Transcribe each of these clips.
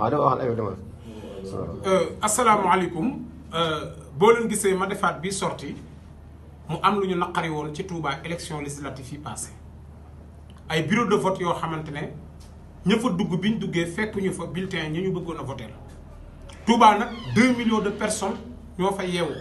assalamu euh, asalaamaaleykum euh, bo leen gisee ma defat bi sorti mu am luñu nakari naqari ci Touba élection législative yi passé ay bureau de vote yo xamante ne dugg biñ duggé duggee fekk ñu fa bulletin ñi ñu bëggona voter Touba nak 2 millions de personnes ñoo fa yeewu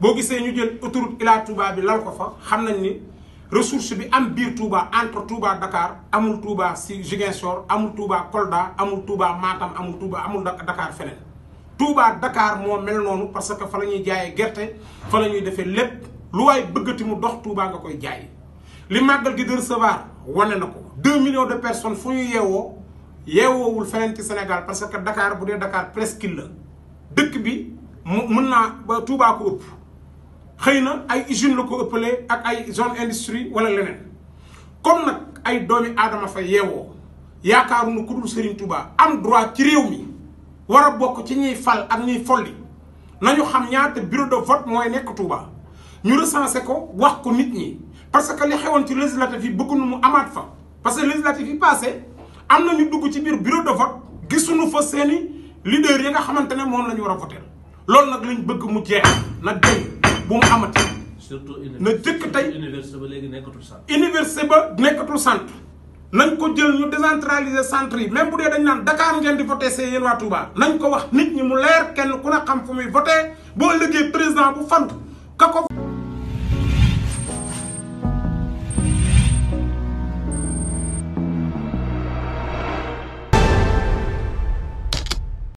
boo gisee ñu jël autoroute Ila Touba bi lal ko fa xamnañ ni. ressource bi am biir Touba entre Touba Dakar amul Touba si Ziguinchor amul Touba Kolda amul Touba maatam amul Touba amul Dakar feneen Touba Dakar moo mel noonu parce que fa la ñuy jaayee gerte fa la ñuy defee lépp lu waay bëggati mu dox Touba nga koy jaay li màggal gi de wane na ko 2 millions de personnes fu ñu yeewoo yeewoowul feneen ci Sénégal parce que Dakar bu dee Dakar presqu'île la dëkk bi mu mën naa ba Touba xeyna ay usine la ko ëppalee ak ay zone industrie wala leneen comme nag ay doomi aadama fa yeewoo yaakaaru nu ku dul Serigne Touba am droit ci réew mi war a bokk ci ñuy fal ak ñuy folli nañu xam ñaata bureau de vote mooy nekk Touba ñu recensé ko wax ko nit ñi parce que li xewoon ci législative yi bëgg mu amaat fa parce que législatif yi passé am na ñu dugg ci biir bureau de vote gisunu fa seeni leader yi nga xamante ne moom la ñu war a voter loolu nag lañ bëgg mu jeex na dégg bu mu amati. surtout na jëkk tey université ba léegi nekkatul centre. université ba nekkatul centre nañ ko jël ñu décentraliser centre yi même bu dee dañ naan Dakar ngeen di voté see yéen waa Touba. nañ ko wax nit ñi mu leer kenn ku ne xam fu muy voté boo liggéey président bu fant ka ko.